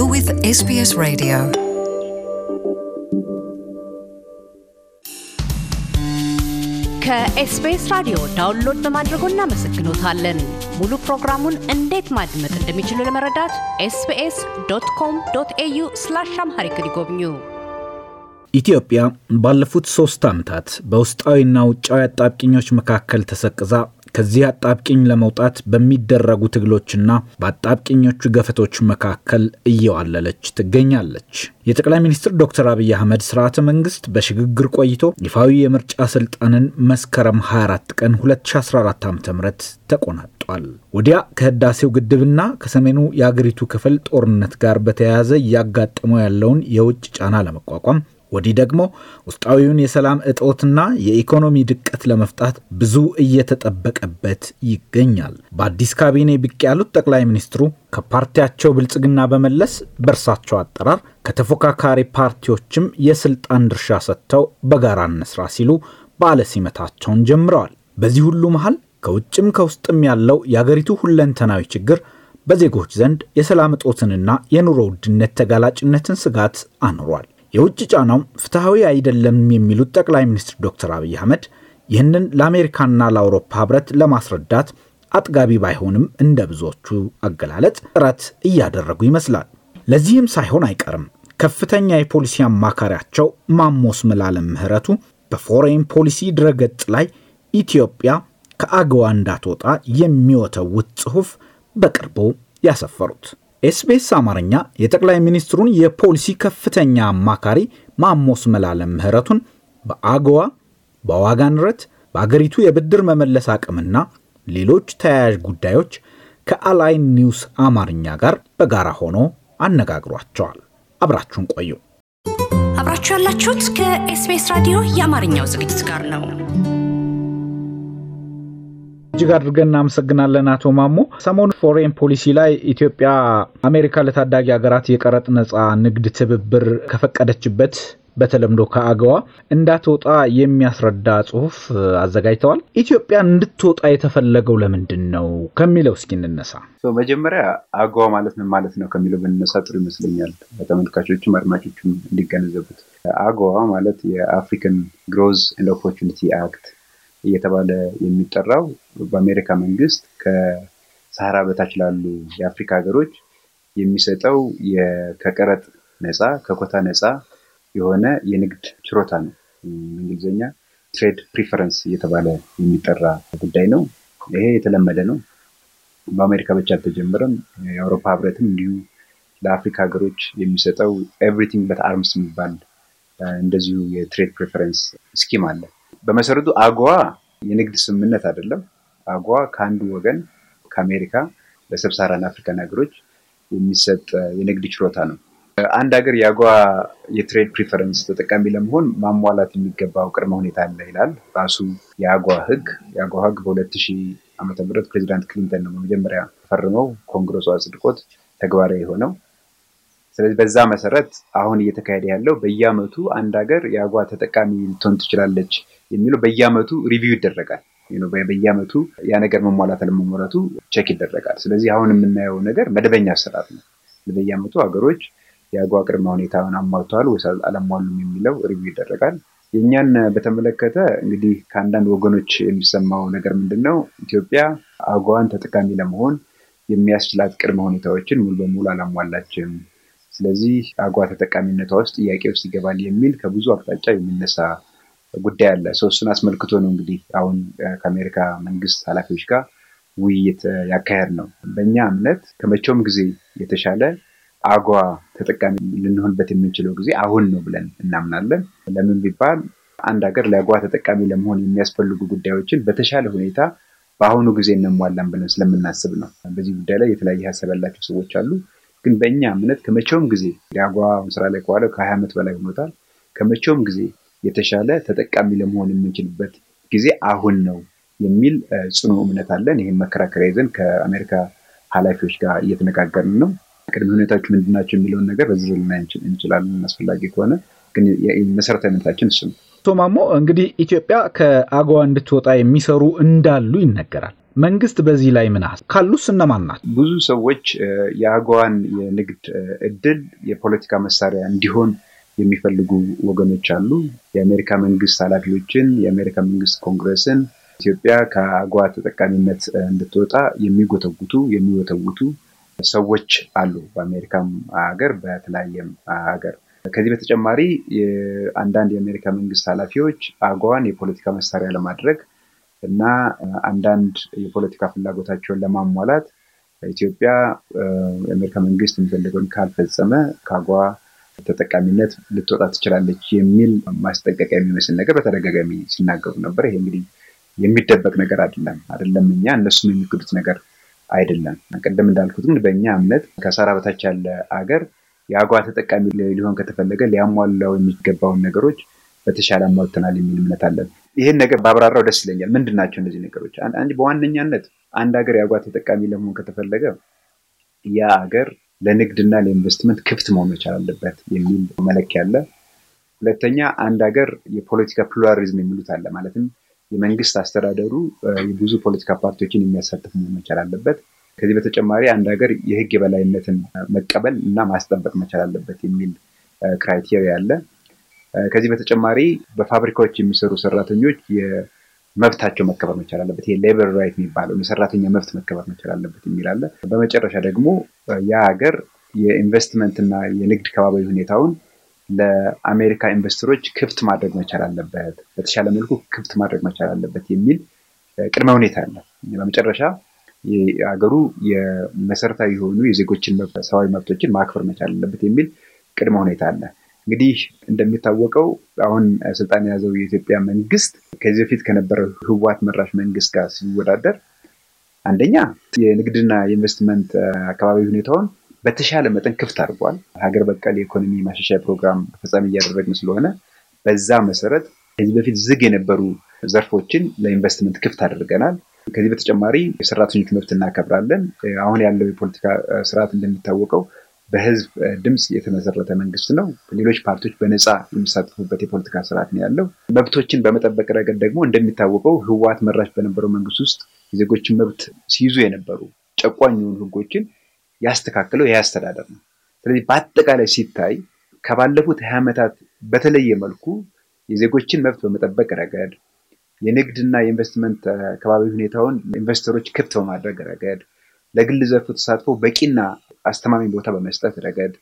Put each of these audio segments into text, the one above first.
You're with SBS Radio. ከኤስቢኤስ ራዲዮ ዳውንሎድ በማድረጎ እናመሰግኖታለን። ሙሉ ፕሮግራሙን እንዴት ማድመጥ እንደሚችሉ ለመረዳት ኤስቢኤስ ዶት ኮም ዶት ኤዩ ስላሽ አምሃሪክ ይጎብኙ። ኢትዮጵያ ባለፉት ሶስት ዓመታት በውስጣዊና ውጫዊ አጣብቂኞች መካከል ተሰቅዛ ከዚህ አጣብቂኝ ለመውጣት በሚደረጉ ትግሎችና በአጣብቂኞቹ ገፈቶች መካከል እየዋለለች ትገኛለች። የጠቅላይ ሚኒስትር ዶክተር አብይ አህመድ ስርዓተ መንግስት በሽግግር ቆይቶ ይፋዊ የምርጫ ስልጣንን መስከረም 24 ቀን 2014 ዓ ም ተቆናጧል። ወዲያ ከህዳሴው ግድብና ከሰሜኑ የአገሪቱ ክፍል ጦርነት ጋር በተያያዘ እያጋጠመው ያለውን የውጭ ጫና ለመቋቋም ወዲህ ደግሞ ውስጣዊውን የሰላም እጦትና የኢኮኖሚ ድቀት ለመፍታት ብዙ እየተጠበቀበት ይገኛል። በአዲስ ካቢኔ ብቅ ያሉት ጠቅላይ ሚኒስትሩ ከፓርቲያቸው ብልጽግና በመለስ በእርሳቸው አጠራር ከተፎካካሪ ፓርቲዎችም የስልጣን ድርሻ ሰጥተው በጋራ እንስራ ሲሉ በዓለ ሲመታቸውን ጀምረዋል። በዚህ ሁሉ መሃል ከውጭም ከውስጥም ያለው የአገሪቱ ሁለንተናዊ ችግር በዜጎች ዘንድ የሰላም እጦትንና የኑሮ ውድነት ተጋላጭነትን ስጋት አኑሯል። የውጭ ጫናው ፍትሐዊ አይደለም የሚሉት ጠቅላይ ሚኒስትር ዶክተር አብይ አህመድ ይህንን ለአሜሪካና ለአውሮፓ ህብረት ለማስረዳት አጥጋቢ ባይሆንም እንደ ብዙዎቹ አገላለጽ ጥረት እያደረጉ ይመስላል። ለዚህም ሳይሆን አይቀርም ከፍተኛ የፖሊሲ አማካሪያቸው ማሞስ ምላለም ምህረቱ በፎሬን ፖሊሲ ድረገጽ ላይ ኢትዮጵያ ከአገዋ እንዳትወጣ የሚወተውት ጽሑፍ በቅርቡ ያሰፈሩት ኤስቢኤስ አማርኛ የጠቅላይ ሚኒስትሩን የፖሊሲ ከፍተኛ አማካሪ ማሞስ መላለም ምህረቱን በአጎዋ፣ በዋጋ ንረት፣ በአገሪቱ የብድር መመለስ አቅምና ሌሎች ተያያዥ ጉዳዮች ከአላይን ኒውስ አማርኛ ጋር በጋራ ሆኖ አነጋግሯቸዋል። አብራችሁን ቆዩ። አብራችሁ ያላችሁት ከኤስቢኤስ ራዲዮ የአማርኛው ዝግጅት ጋር ነው። እጅግ አድርገን እናመሰግናለን አቶ ማሞ። ሰሞኑ ፎሬን ፖሊሲ ላይ ኢትዮጵያ አሜሪካ ለታዳጊ ሀገራት የቀረጥ ነጻ ንግድ ትብብር ከፈቀደችበት በተለምዶ ከአገዋ እንዳትወጣ የሚያስረዳ ጽሁፍ አዘጋጅተዋል። ኢትዮጵያ እንድትወጣ የተፈለገው ለምንድን ነው ከሚለው እስኪ እንነሳ። መጀመሪያ አገዋ ማለት ምን ማለት ነው ከሚለው ብንነሳ ጥሩ ይመስለኛል፣ ተመልካቾችም አድማጮችም እንዲገነዘቡት። አገዋ ማለት የአፍሪካን ግሮዝ ኤንድ ኦፖርቹኒቲ አክት እየተባለ የሚጠራው በአሜሪካ መንግስት ከሰሃራ በታች ላሉ የአፍሪካ ሀገሮች የሚሰጠው ከቀረጥ ነፃ ከኮታ ነፃ የሆነ የንግድ ችሮታ ነው። እንግሊዝኛ ትሬድ ፕሪፈረንስ እየተባለ የሚጠራ ጉዳይ ነው። ይሄ የተለመደ ነው። በአሜሪካ ብቻ አልተጀመረም። የአውሮፓ ህብረትም እንዲሁ ለአፍሪካ ሀገሮች የሚሰጠው ኤቭሪቲንግ በት አርምስ የሚባል እንደዚሁ የትሬድ ፕሪፈረንስ ስኪም አለ። በመሰረቱ አጓ የንግድ ስምምነት አይደለም። አጓ ከአንዱ ወገን ከአሜሪካ ለሰብሳራን አፍሪካን ሀገሮች የሚሰጥ የንግድ ችሎታ ነው። አንድ ሀገር የአጓ የትሬድ ፕሪፈረንስ ተጠቃሚ ለመሆን ማሟላት የሚገባው ቅድመ ሁኔታ አለ ይላል ራሱ የአጓ ህግ። የአጓ ህግ በሁለት ሺህ ዓመተ ምህረት ፕሬዚዳንት ክሊንተን ነው በመጀመሪያ ፈርመው ኮንግረሱ አጽድቆት ተግባራዊ የሆነው። ስለዚህ በዛ መሰረት አሁን እየተካሄደ ያለው በየአመቱ አንድ ሀገር የአጓ ተጠቃሚ ልትሆን ትችላለች የሚለው በየአመቱ ሪቪው ይደረጋል። በየአመቱ ያ ነገር መሟላት አለመሟላቱ ቼክ ይደረጋል። ስለዚህ አሁን የምናየው ነገር መደበኛ አሰራር ነው። በየአመቱ ሀገሮች የአጓ ቅድመ ሁኔታን አሟልተዋል ወይስ አላሟሉም የሚለው ሪቪው ይደረጋል። የእኛን በተመለከተ እንግዲህ ከአንዳንድ ወገኖች የሚሰማው ነገር ምንድን ነው? ኢትዮጵያ አጓዋን ተጠቃሚ ለመሆን የሚያስችላት ቅድመ ሁኔታዎችን ሙሉ በሙሉ አላሟላችም ስለዚህ አጓ ተጠቃሚነቷ ውስጥ ጥያቄ ውስጥ ይገባል የሚል ከብዙ አቅጣጫ የሚነሳ ጉዳይ አለ። ሰው እሱን አስመልክቶ ነው እንግዲህ አሁን ከአሜሪካ መንግስት ኃላፊዎች ጋር ውይይት ያካሄድ ነው። በእኛ እምነት ከመቼውም ጊዜ የተሻለ አጓ ተጠቃሚ ልንሆንበት የምንችለው ጊዜ አሁን ነው ብለን እናምናለን። ለምን ቢባል አንድ ሀገር ለአጓ ተጠቃሚ ለመሆን የሚያስፈልጉ ጉዳዮችን በተሻለ ሁኔታ በአሁኑ ጊዜ እነሟላን ብለን ስለምናስብ ነው። በዚህ ጉዳይ ላይ የተለያየ ሀሳብ ያላቸው ሰዎች አሉ። ግን በእኛ እምነት ከመቼውም ጊዜ ዳጓ ስራ ላይ ከዋለው ከሀያ ዓመት በላይ ሆኖታል። ከመቼውም ጊዜ የተሻለ ተጠቃሚ ለመሆን የምንችልበት ጊዜ አሁን ነው የሚል ጽኑ እምነት አለን። ይህም መከራከሪያ ይዘን ከአሜሪካ ኃላፊዎች ጋር እየተነጋገርን ነው። ቅድመ ሁኔታዎች ምንድናቸው የሚለውን ነገር በዝርዝር ልና እንችላለን አስፈላጊ ከሆነ ግን መሰረታዊ እምነታችን እሱ ነው። ቶማሞ እንግዲህ ኢትዮጵያ ከአገዋ እንድትወጣ የሚሰሩ እንዳሉ ይነገራል። መንግስት በዚህ ላይ ምን ካሉስ እነማን ናት? ብዙ ሰዎች የአገዋን የንግድ እድል የፖለቲካ መሳሪያ እንዲሆን የሚፈልጉ ወገኖች አሉ። የአሜሪካ መንግስት ኃላፊዎችን፣ የአሜሪካ መንግስት ኮንግረስን ኢትዮጵያ ከአገዋ ተጠቃሚነት እንድትወጣ የሚጎተጉቱ የሚወተጉቱ ሰዎች አሉ፣ በአሜሪካም ሀገር በተለያየም ሀገር። ከዚህ በተጨማሪ አንዳንድ የአሜሪካ መንግስት ኃላፊዎች አገዋን የፖለቲካ መሳሪያ ለማድረግ እና አንዳንድ የፖለቲካ ፍላጎታቸውን ለማሟላት ኢትዮጵያ የአሜሪካ መንግስት የሚፈልገውን ካልፈጸመ ከአጓ ተጠቃሚነት ልትወጣ ትችላለች የሚል ማስጠንቀቂያ የሚመስል ነገር በተደጋጋሚ ሲናገሩ ነበር። ይሄ እንግዲህ የሚደበቅ ነገር አይደለም አይደለም እኛ እነሱም የሚክዱት ነገር አይደለም። ቅድም እንዳልኩት ግን በእኛ እምነት ከሰሃራ በታች ያለ አገር የአጓ ተጠቃሚ ሊሆን ከተፈለገ ሊያሟላው የሚገባውን ነገሮች በተሻለ አሟልተናል የሚል እምነት አለን። ይህን ነገር ባብራራው ደስ ይለኛል። ምንድን ናቸው እነዚህ ነገሮች? በዋነኛነት አንድ ሀገር የአጓ ተጠቃሚ ለመሆን ከተፈለገ ያ ሀገር ለንግድና ለኢንቨስትመንት ክፍት መሆን መቻል አለበት የሚል መለኪያ አለ። ሁለተኛ አንድ ሀገር የፖለቲካ ፕሉራሊዝም የሚሉት አለ። ማለትም የመንግስት አስተዳደሩ የብዙ ፖለቲካ ፓርቲዎችን የሚያሳትፍ መሆን መቻል አለበት። ከዚህ በተጨማሪ አንድ ሀገር የህግ የበላይነትን መቀበል እና ማስጠበቅ መቻል አለበት የሚል ክራይቴሪያ አለ። ከዚህ በተጨማሪ በፋብሪካዎች የሚሰሩ ሰራተኞች መብታቸው መከበር መቻል አለበት። ይሄ ሌበር ራይት የሚባለው የሰራተኛ መብት መከበር መቻል አለበት የሚል አለ። በመጨረሻ ደግሞ ያ ሀገር የኢንቨስትመንትና የንግድ ከባቢ ሁኔታውን ለአሜሪካ ኢንቨስተሮች ክፍት ማድረግ መቻል አለበት፣ በተሻለ መልኩ ክፍት ማድረግ መቻል አለበት የሚል ቅድመ ሁኔታ አለ። በመጨረሻ ሀገሩ የመሰረታዊ የሆኑ የዜጎችን ሰብአዊ መብቶችን ማክበር መቻል አለበት የሚል ቅድመ ሁኔታ አለ። እንግዲህ እንደሚታወቀው አሁን ስልጣን የያዘው የኢትዮጵያ መንግስት ከዚህ በፊት ከነበረው ህወሓት መራሽ መንግስት ጋር ሲወዳደር አንደኛ የንግድና የኢንቨስትመንት አካባቢ ሁኔታውን በተሻለ መጠን ክፍት አድርጓል። ሀገር በቀል የኢኮኖሚ ማሻሻያ ፕሮግራም ፈጻሚ እያደረግን ስለሆነ በዛ መሰረት ከዚህ በፊት ዝግ የነበሩ ዘርፎችን ለኢንቨስትመንት ክፍት አድርገናል። ከዚህ በተጨማሪ የሰራተኞች መብት እናከብራለን። አሁን ያለው የፖለቲካ ስርዓት እንደሚታወቀው በህዝብ ድምፅ የተመሰረተ መንግስት ነው። ሌሎች ፓርቲዎች በነፃ የሚሳተፉበት የፖለቲካ ስርዓት ነው ያለው። መብቶችን በመጠበቅ ረገድ ደግሞ እንደሚታወቀው ህወሓት መራሽ በነበረው መንግስት ውስጥ የዜጎችን መብት ሲይዙ የነበሩ ጨቋኝ የሆኑ ህጎችን ያስተካክለው ይህ አስተዳደር ነው። ስለዚህ በአጠቃላይ ሲታይ ከባለፉት ሀያ ዓመታት በተለየ መልኩ የዜጎችን መብት በመጠበቅ ረገድ፣ የንግድና የኢንቨስትመንት ከባቢ ሁኔታውን ኢንቨስተሮች ክፍት በማድረግ ረገድ ለግል ዘርፉ ተሳትፎ በቂና አስተማማኝ ቦታ በመስጠት ረገድ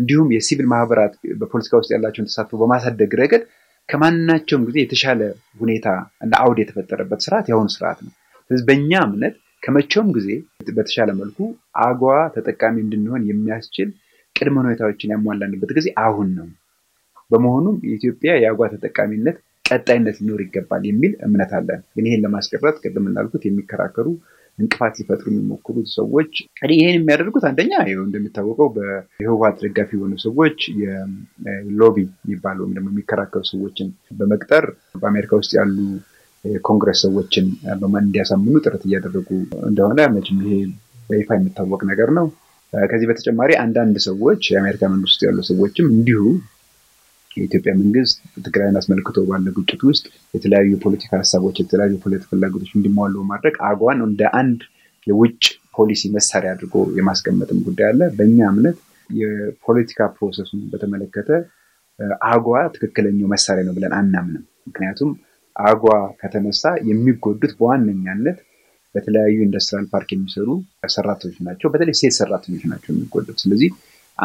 እንዲሁም የሲቪል ማህበራት በፖለቲካ ውስጥ ያላቸውን ተሳትፎ በማሳደግ ረገድ ከማናቸውም ጊዜ የተሻለ ሁኔታ እና አውድ የተፈጠረበት ስርዓት የአሁኑ ስርዓት ነው። ስለዚህ በእኛ እምነት ከመቼውም ጊዜ በተሻለ መልኩ አገዋ ተጠቃሚ እንድንሆን የሚያስችል ቅድመ ሁኔታዎችን ያሟላንበት ጊዜ አሁን ነው። በመሆኑም የኢትዮጵያ የአጓ ተጠቃሚነት ቀጣይነት ሊኖር ይገባል የሚል እምነት አለን። ግን ይህን ለማስቀረት ቅድም እንዳልኩት የሚከራከሩ እንቅፋት ሊፈጥሩ የሚሞክሩ ሰዎች ይህን የሚያደርጉት አንደኛ እንደሚታወቀው የህወሀት ደጋፊ የሆኑ ሰዎች የሎቢ የሚባሉ ወይም ደግሞ የሚከራከሩ ሰዎችን በመቅጠር በአሜሪካ ውስጥ ያሉ የኮንግረስ ሰዎችን በማን እንዲያሳምኑ ጥረት እያደረጉ እንደሆነ መቼም ይሄ በይፋ የሚታወቅ ነገር ነው። ከዚህ በተጨማሪ አንዳንድ ሰዎች የአሜሪካ መንግስት ውስጥ ያሉ ሰዎችም እንዲሁ የኢትዮጵያ መንግስት ትግራይን አስመልክቶ ባለ ግጭት ውስጥ የተለያዩ የፖለቲካ ሀሳቦች፣ የተለያዩ ፖለቲካ ፍላጎቶች እንዲሟሉ በማድረግ አጓን እንደ አንድ የውጭ ፖሊሲ መሳሪያ አድርጎ የማስቀመጥም ጉዳይ አለ። በእኛ እምነት የፖለቲካ ፕሮሰሱን በተመለከተ አጓ ትክክለኛው መሳሪያ ነው ብለን አናምንም። ምክንያቱም አጓ ከተነሳ የሚጎዱት በዋነኛነት በተለያዩ ኢንዱስትሪያል ፓርክ የሚሰሩ ሰራተኞች ናቸው። በተለይ ሴት ሰራተኞች ናቸው የሚጎዱት። ስለዚህ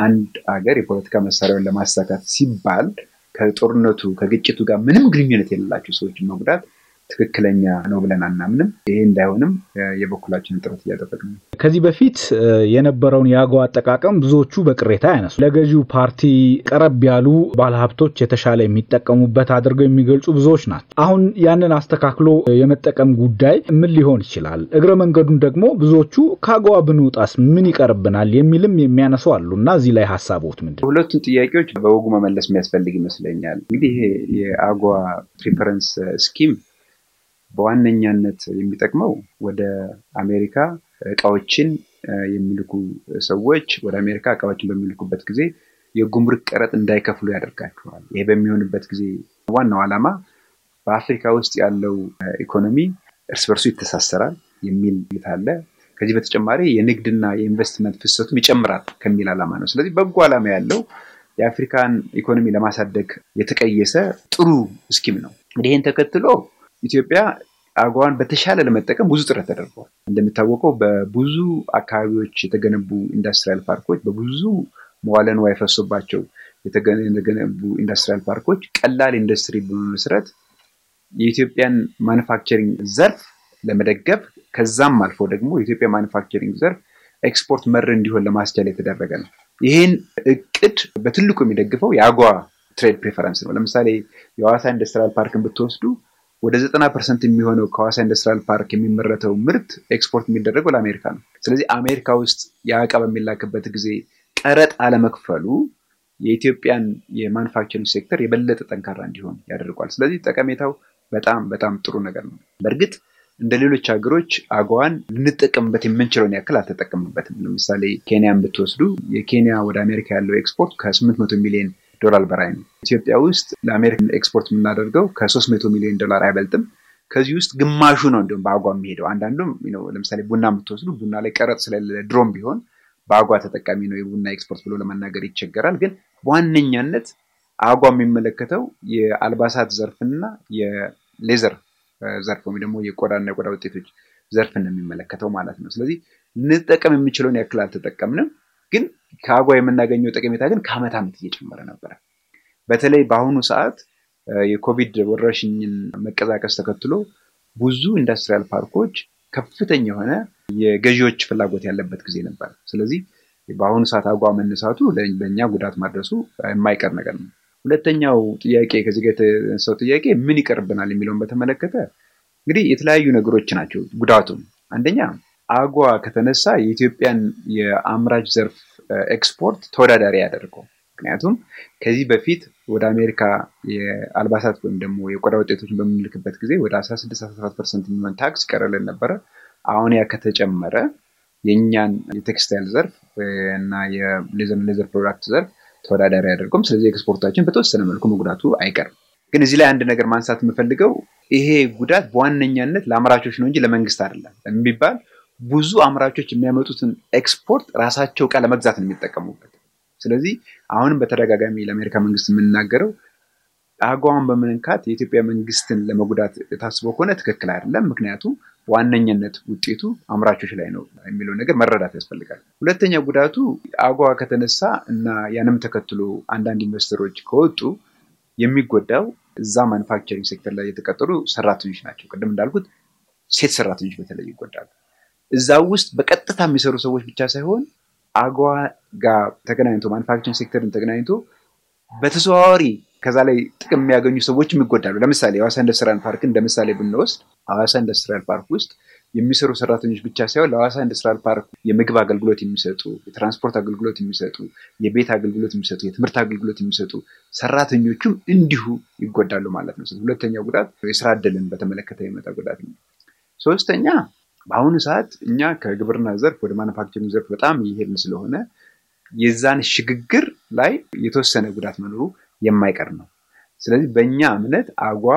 አንድ አገር የፖለቲካ መሳሪያውን ለማሳካት ሲባል ከጦርነቱ ከግጭቱ ጋር ምንም ግንኙነት የሌላቸው ሰዎችን መጉዳት ትክክለኛ ነው ብለን አናምንም። ይሄ እንዳይሆንም የበኩላችን ጥረት እያደረግን ነው። ከዚህ በፊት የነበረውን የአጎ አጠቃቀም ብዙዎቹ በቅሬታ ያነሱ፣ ለገዢው ፓርቲ ቀረብ ያሉ ባለሀብቶች የተሻለ የሚጠቀሙበት አድርገው የሚገልጹ ብዙዎች ናቸው። አሁን ያንን አስተካክሎ የመጠቀም ጉዳይ ምን ሊሆን ይችላል? እግረ መንገዱን ደግሞ ብዙዎቹ ከአገዋ ብንውጣስ ምን ይቀርብናል የሚልም የሚያነሱ አሉ እና እዚህ ላይ ሀሳቦት ምንድን? ሁለቱን ጥያቄዎች በወጉ መመለስ የሚያስፈልግ ይመስለኛል። እንግዲህ ይሄ ፕሪፈረንስ ስኪም በዋነኛነት የሚጠቅመው ወደ አሜሪካ እቃዎችን የሚልኩ ሰዎች ወደ አሜሪካ እቃዎችን በሚልኩበት ጊዜ የጉምሩክ ቀረጥ እንዳይከፍሉ ያደርጋቸዋል። ይህ በሚሆንበት ጊዜ ዋናው ዓላማ በአፍሪካ ውስጥ ያለው ኢኮኖሚ እርስ በርሱ ይተሳሰራል የሚል እይታ አለ። ከዚህ በተጨማሪ የንግድና የኢንቨስትመንት ፍሰቱም ይጨምራል ከሚል ዓላማ ነው። ስለዚህ በጎ ዓላማ ያለው የአፍሪካን ኢኮኖሚ ለማሳደግ የተቀየሰ ጥሩ ስኪም ነው። እንግዲህ ይህን ተከትሎ ኢትዮጵያ አገዋን በተሻለ ለመጠቀም ብዙ ጥረት ተደርጓል። እንደሚታወቀው በብዙ አካባቢዎች የተገነቡ ኢንዱስትሪያል ፓርኮች በብዙ መዋለ ንዋይ ፈሶባቸው የተገነቡ ኢንዱስትሪያል ፓርኮች ቀላል ኢንዱስትሪ በመመስረት የኢትዮጵያን ማኑፋክቸሪንግ ዘርፍ ለመደገፍ ከዛም አልፎ ደግሞ የኢትዮጵያ ማኑፋክቸሪንግ ዘርፍ ኤክስፖርት መር እንዲሆን ለማስቻል የተደረገ ነው። ይህን እቅድ በትልቁ የሚደግፈው የአጓ ትሬድ ፕሬፈረንስ ነው። ለምሳሌ የሐዋሳ ኢንዱስትሪያል ፓርክን ብትወስዱ ወደ 90 ፐርሰንት የሚሆነው ከሐዋሳ ኢንዱስትሪያል ፓርክ የሚመረተው ምርት ኤክስፖርት የሚደረገው ለአሜሪካ ነው። ስለዚህ አሜሪካ ውስጥ የአቃ በሚላክበት ጊዜ ቀረጥ አለመክፈሉ የኢትዮጵያን የማኑፋክቸሪንግ ሴክተር የበለጠ ጠንካራ እንዲሆን ያደርጓል። ስለዚህ ጠቀሜታው በጣም በጣም ጥሩ ነገር ነው። በእርግጥ እንደ ሌሎች ሀገሮች አገዋን ልንጠቀምበት የምንችለውን ያክል አልተጠቀምበትም። ለምሳሌ ኬንያን ብትወስዱ የኬንያ ወደ አሜሪካ ያለው ኤክስፖርት ከ800 ሚሊዮን ዶላር በራይ ነው። ኢትዮጵያ ውስጥ ለአሜሪካ ኤክስፖርት የምናደርገው ከ300 ሚሊዮን ዶላር አይበልጥም። ከዚህ ውስጥ ግማሹ ነው እንዲሁም በአጓ የሚሄደው። አንዳንዱም ለምሳሌ ቡና የምትወስዱ ቡና ላይ ቀረጥ ስለሌለ ድሮም ቢሆን በአጓ ተጠቃሚ ነው የቡና ኤክስፖርት ብሎ ለመናገር ይቸገራል። ግን በዋነኛነት አጓ የሚመለከተው የአልባሳት ዘርፍና የሌዘር ዘርፍ ወይም ደግሞ የቆዳና የቆዳ ውጤቶች ዘርፍን ነው የሚመለከተው ማለት ነው። ስለዚህ ልንጠቀም የሚችለውን ያክል አልተጠቀምንም። ግን ከአጓ የምናገኘው ጠቀሜታ ግን ከአመት ዓመት እየጨመረ ነበረ። በተለይ በአሁኑ ሰዓት የኮቪድ ወረርሽኝን መቀዛቀስ ተከትሎ ብዙ ኢንዱስትሪያል ፓርኮች ከፍተኛ የሆነ የገዢዎች ፍላጎት ያለበት ጊዜ ነበር። ስለዚህ በአሁኑ ሰዓት አጓ መነሳቱ ለእኛ ጉዳት ማድረሱ የማይቀር ነገር ነው። ሁለተኛው ጥያቄ ከዚህ ጋር የተነሳው ጥያቄ ምን ይቀርብናል የሚለውን በተመለከተ እንግዲህ የተለያዩ ነገሮች ናቸው ጉዳቱ አንደኛ አጓ ከተነሳ የኢትዮጵያን የአምራች ዘርፍ ኤክስፖርት ተወዳዳሪ ያደርገው። ምክንያቱም ከዚህ በፊት ወደ አሜሪካ የአልባሳት ወይም ደግሞ የቆዳ ውጤቶችን በምንልክበት ጊዜ ወደ 1617 ፐርሰንት የሚሆን ታክስ ይቀረልን ነበረ። አሁን ያ ከተጨመረ የእኛን የቴክስታይል ዘርፍ እና የሌዘር ፕሮዳክት ዘርፍ ተወዳዳሪ አያደርገውም። ስለዚህ ኤክስፖርታችን በተወሰነ መልኩ መጉዳቱ አይቀርም። ግን እዚህ ላይ አንድ ነገር ማንሳት የምፈልገው ይሄ ጉዳት በዋነኛነት ለአምራቾች ነው እንጂ ለመንግስት አይደለም የሚባል ብዙ አምራቾች የሚያመጡትን ኤክስፖርት ራሳቸው ዕቃ ለመግዛት ነው የሚጠቀሙበት። ስለዚህ አሁንም በተደጋጋሚ ለአሜሪካ መንግስት የምንናገረው አገዋን በመንካት የኢትዮጵያ መንግስትን ለመጉዳት የታስበው ከሆነ ትክክል አይደለም። ምክንያቱም ዋነኝነት ውጤቱ አምራቾች ላይ ነው የሚለው ነገር መረዳት ያስፈልጋል። ሁለተኛ ጉዳቱ አገዋ ከተነሳ እና ያንም ተከትሎ አንዳንድ ኢንቨስተሮች ከወጡ የሚጎዳው እዛ ማኑፋክቸሪንግ ሴክተር ላይ የተቀጠሩ ሰራተኞች ናቸው። ቅድም እንዳልኩት ሴት ሰራተኞች በተለይ ይጎዳሉ። እዛ ውስጥ በቀጥታ የሚሰሩ ሰዎች ብቻ ሳይሆን አጓ ጋር ተገናኝቶ ማኑፋክቸሪንግ ሴክተርን ተገናኝቶ በተዘዋዋሪ ከዛ ላይ ጥቅም የሚያገኙ ሰዎች ይጎዳሉ። ለምሳሌ የሐዋሳ ኢንዱስትሪያል ፓርክ እንደ ብንወስድ ሐዋሳ ኢንዱስትሪያል ፓርክ ውስጥ የሚሰሩ ሰራተኞች ብቻ ሳይሆን ለሐዋሳ ኢንዱስትሪያል ፓርክ የምግብ አገልግሎት የሚሰጡ፣ የትራንስፖርት አገልግሎት የሚሰጡ፣ የቤት አገልግሎት የሚሰጡ፣ የትምህርት አገልግሎት የሚሰጡ ሰራተኞቹም እንዲሁ ይጎዳሉ ማለት ነው። ሁለተኛው ጉዳት የስራ እድልን በተመለከተ የመጣ ጉዳት ነው። ሶስተኛ በአሁኑ ሰዓት እኛ ከግብርና ዘርፍ ወደ ማኑፋክቸሪንግ ዘርፍ በጣም እየሄድን ስለሆነ የዛን ሽግግር ላይ የተወሰነ ጉዳት መኖሩ የማይቀር ነው። ስለዚህ በእኛ እምነት አጓ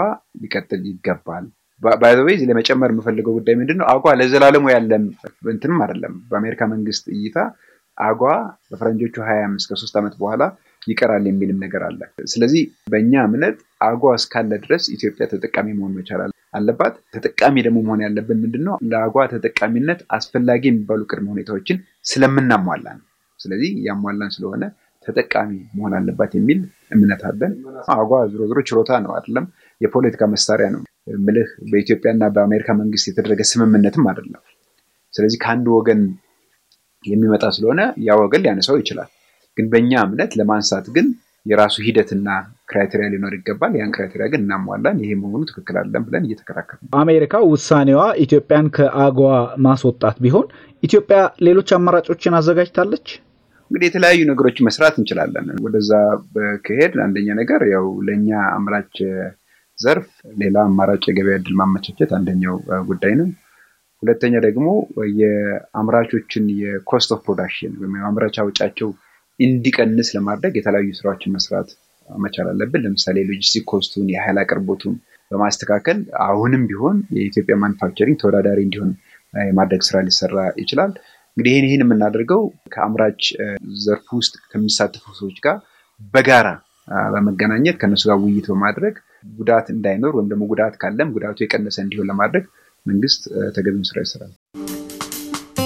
ሊቀጥል ይገባል። ባይዘወይ ለመጨመር የምፈልገው ጉዳይ ምንድን ነው? አጓ ለዘላለሙ ያለም እንትንም አይደለም። በአሜሪካ መንግስት እይታ አጓ በፈረንጆቹ ሀያ አምስት ከሶስት ዓመት በኋላ ይቀራል የሚልም ነገር አለ። ስለዚህ በእኛ እምነት አጓ እስካለ ድረስ ኢትዮጵያ ተጠቃሚ መሆን መቻላል አለባት። ተጠቃሚ ደግሞ መሆን ያለብን ምንድነው ለአጓ ተጠቃሚነት አስፈላጊ የሚባሉ ቅድመ ሁኔታዎችን ስለምናሟላ ነው። ስለዚህ ያሟላን ስለሆነ ተጠቃሚ መሆን አለባት የሚል እምነት አለን። አጓ ዝሮ ዝሮ ችሮታ ነው አይደለም፣ የፖለቲካ መሳሪያ ነው ምልህ በኢትዮጵያና በአሜሪካ መንግስት የተደረገ ስምምነትም አይደለም። ስለዚህ ከአንድ ወገን የሚመጣ ስለሆነ ያ ወገን ሊያነሳው ይችላል። ግን በእኛ እምነት ለማንሳት ግን የራሱ ሂደትና ክራይቴሪያ ሊኖር ይገባል። ያን ክራይቴሪያ ግን እናሟላን ይሄ መሆኑ ትክክል አለን ብለን እየተከራከር ነው። አሜሪካ ውሳኔዋ ኢትዮጵያን ከአጎዋ ማስወጣት ቢሆን ኢትዮጵያ ሌሎች አማራጮችን አዘጋጅታለች። እንግዲህ የተለያዩ ነገሮች መስራት እንችላለን። ወደዛ ከሄድ አንደኛ ነገር ያው ለእኛ አምራች ዘርፍ ሌላ አማራጭ የገበያ እድል ማመቻቸት አንደኛው ጉዳይ ነው። ሁለተኛ ደግሞ የአምራቾችን የኮስት ኦፍ ፕሮዳክሽን ወይም አምራች አውጫቸው እንዲቀንስ ለማድረግ የተለያዩ ስራዎችን መስራት መቻል አለብን። ለምሳሌ ሎጂስቲክ ኮስቱን፣ የኃይል አቅርቦቱን በማስተካከል አሁንም ቢሆን የኢትዮጵያ ማኑፋክቸሪንግ ተወዳዳሪ እንዲሆን የማድረግ ስራ ሊሰራ ይችላል። እንግዲህ ይህን ይህን የምናደርገው ከአምራች ዘርፍ ውስጥ ከሚሳተፉ ሰዎች ጋር በጋራ በመገናኘት ከእነሱ ጋር ውይይት በማድረግ ጉዳት እንዳይኖር ወይም ደግሞ ጉዳት ካለም ጉዳቱ የቀነሰ እንዲሆን ለማድረግ መንግስት ተገቢውን ስራ ይሰራል።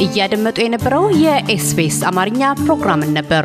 እያደመጡ የነበረው የኤስቢኤስ አማርኛ ፕሮግራምን ነበር።